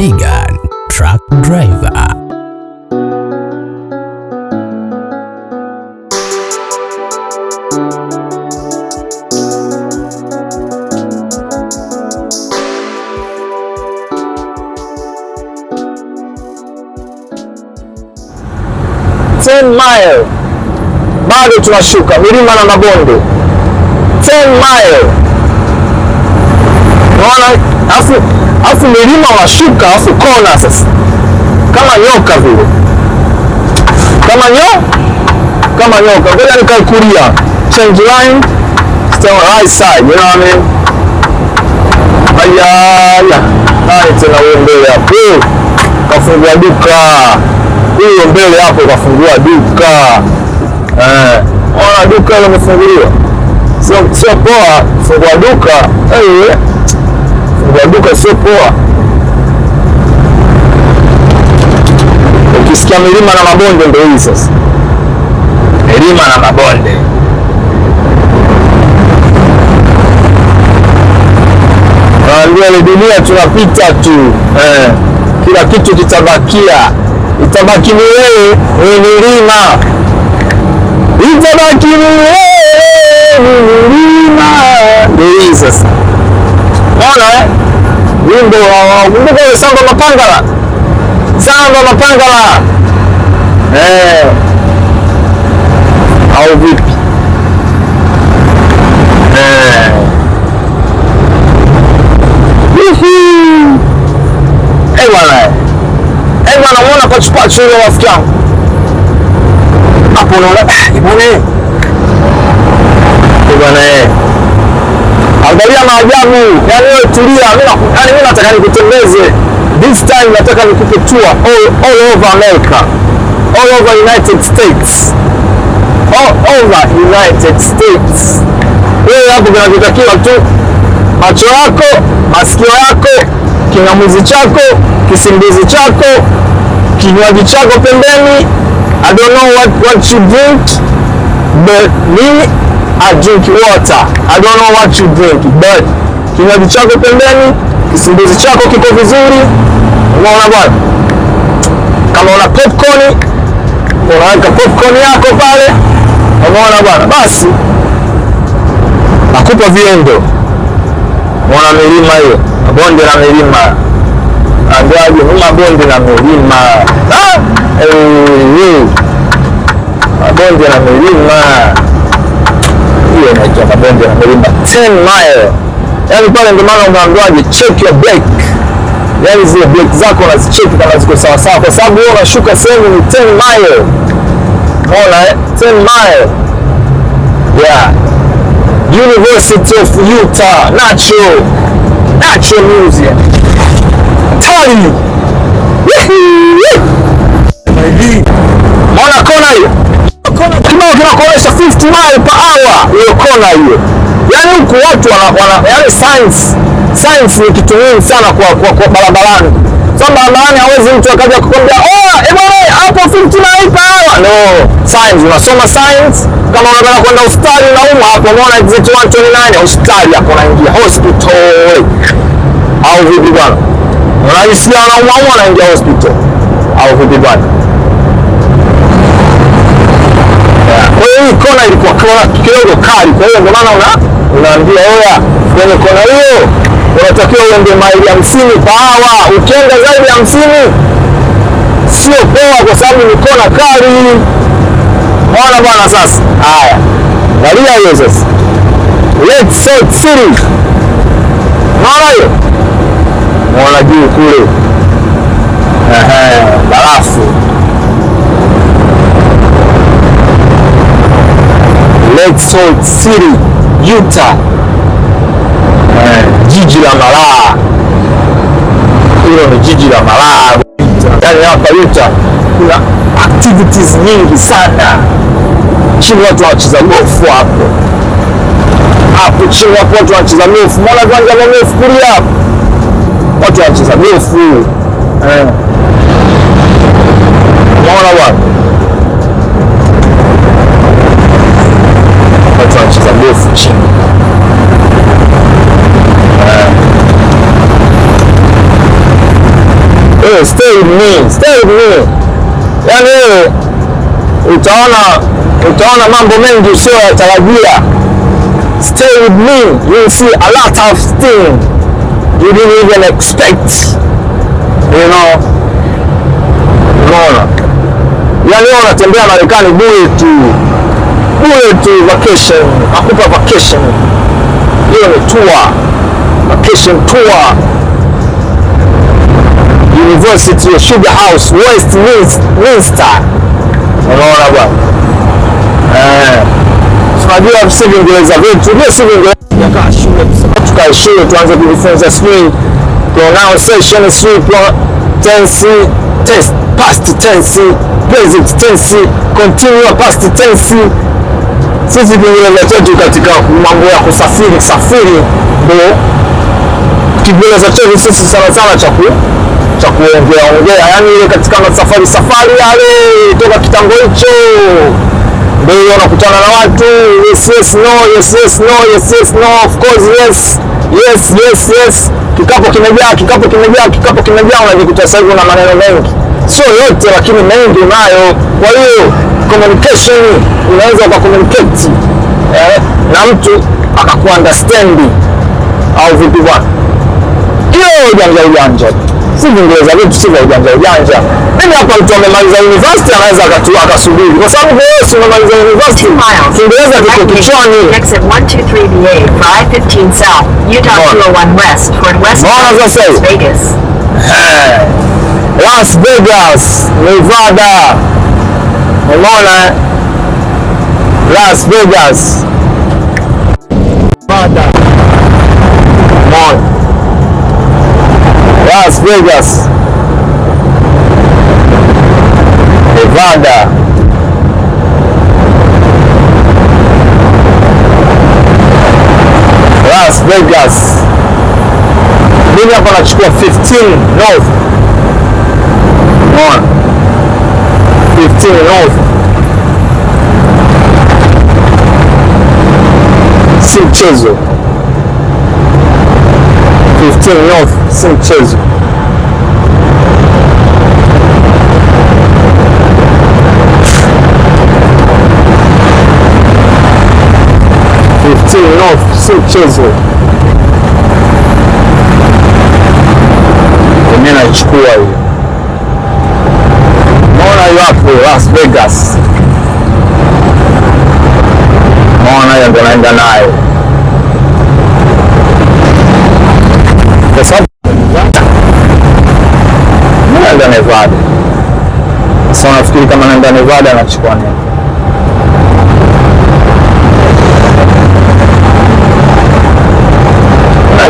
Vegan Truck Driver. Ten mile bado tunashuka milima na mabonde. Ten mile naona afu alafu milima washuka, alafu kona sasa, kama nyoka vile, kama nyo kama nyoka. Ngoja nikalkulia change line stay on right side, you know what I mean? Ayaya, hai tena wewe mbele hapo kafungua duka huyo, mbele hapo kafungua duka eh, ona duka limefunguliwa, sio sio poa, fungua duka eh kubanduka sio poa. Ukisikia milima na mabonde, ndio hii sasa, milima na mabonde. Naambia ile dunia tunapita tu eh, kila kitu kitabakia, itabaki ni wewe, ni milima, itabaki ni wewe, ni milima, ndio hii sasa Unaona eh? Wimbo wa wakumbuka ile Samba Mapangala. Samba Mapangala. Eh. Au vipi? Eh. Eh bwana. Eh bwana, unaona pachu pachu ile rafiki yangu. Hapo unaona, ah, eh bwana. Eh bwana eh angalia maajabu yani, tulia, yaani mimi nataka nikutembeze this time, nataka nikupe tour all, all over America, all over United States, all over United States. Wewe hapo kinachotakiwa tu macho yako, masikio yako, king'amuzi chako, kisingizi chako, kinywaji chako pembeni. I don't know what, what you drink but me I drink water. I don't know what you drink, but kinywaji chako pembeni, kisimbuzi chako kiko vizuri. Unaona bwana, kama una popcorn unaweka popcorn yako pale, unaona bwana, basi nakupa viungo. Unaona milima hiyo, bonde la milima, angaje huma bonde la milima ah, eh, bonde la milima hiyo inaitwa mabonge na milima 10 mile. Yaani pale ndio maana unaambiwaje check your brake. Yaani zile brake zako unazicheki kama ziko sawa sawa kwa sababu wewe unashuka sehemu ni 10 mile. Unaona eh? 10 mile. Yeah. University of Utah Natural Natural Museum. I'm you. mbali pa Allah hiyo kona hiyo. yani huku watu wana, wana yaani science science ni kitu muhimu sana kwa kwa, kwa barabarani. Sasa barabarani hawezi mtu akaja kukwambia oh, eh bwana hapo 50 na ipa hawa. No, science unasoma science kama unataka kwenda hospitali na umwa hapo unaona exit 129 hospitali hapo naingia hospital. Au vipi bwana? Unaisikia wanaumwa unaingia hospital. Au vipi bwana? ukiona kidogo kali. Kwa hiyo ndio maana una unaambia oya, kwenye kona hiyo unatakiwa uende maili hamsini kwa hawa. Ukienda zaidi ya hamsini sio poa, kwa sababu ni kona kali. Mwana bwana, sasa haya, angalia hiyo sasa, let's say siri mara hiyo mwana juu kule, ehe, barafu Lake Salt City, Utah, eh, jiji la malaa. Hilo ni jiji la malaa. ndani hapa Utah kuna activities nyingi sana chini, watu wanacheza golf hapo hapo chini, hapo watu wanacheza golf. Mbona viwanja vya golf kulia hapo, watu wanacheza eh. golf. Unaona bwana mechi gofu chini eh, stay with me, stay with me. Yani wewe utaona utaona mambo mengi usiyoyatarajia. Stay with me, you see a lot of things you didn't even expect. You know. Unaona? Yani wewe unatembea Marekani bure tu kule tu vacation, akupa vacation. Hiyo ni tour, vacation tour, University ya Sugar House West Westminster. Unaona bwana eh, tunajua visi Vingereza vyetu vile si Vingereza, tukae shule tuanze kujifunza sijui pronunciation, sijui tense, test past tense, present tense, continuous past tense sisi kimelele chetu katika mambo ya kusafiri safiri, kimelele chetu sisi sana sana cha kuongea ongea, yani ile katika safari safari yale toka kitango hicho ndio unakutana na watu yes, yes, no, yes, yes, no, yes, yes, no, of course, yes yes, yes, yes, Kikapo kimejaa, kikapo kimejaa, kikapo kimejaa, unajikuta sasa hivi una maneno mengi, sio yote, lakini mengi unayo. Kwa hiyo communication, unaweza kwa communicate eh, na mtu akakuunderstand au vipi bwana, hiyo ujanja ujanja si Kiingereza vyetu sivyo ujanja ujanja. Mimi hapa mtu amemaliza university anaweza akasubiri, kwa sababu wewe si umemaliza university, Kiingereza kiko kichwani. Bona oh sasa eh, Las Vegas, Nevada, umeona eh? Las Vegas, Nevada Las Vegas, Nevada, Las Vegas. Mimi hapa nachukua 15 north. Unaona? 15 north. Si mchezo. 15 off si mchezo. off si mchezo. Mimi nachukua hiyo. Naona hiyo hapo Las Vegas. Naona hiyo ndo naenda nayo. Você sabe Nevada. Sasa kama naenda Nevada anachukua nini?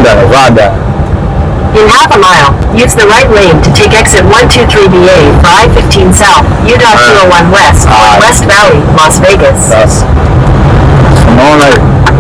Nevada. In half a mile, use the right lane to take exit 123BA 515 South, U.201 West, ah. West Valley, Las Vegas. on Unaona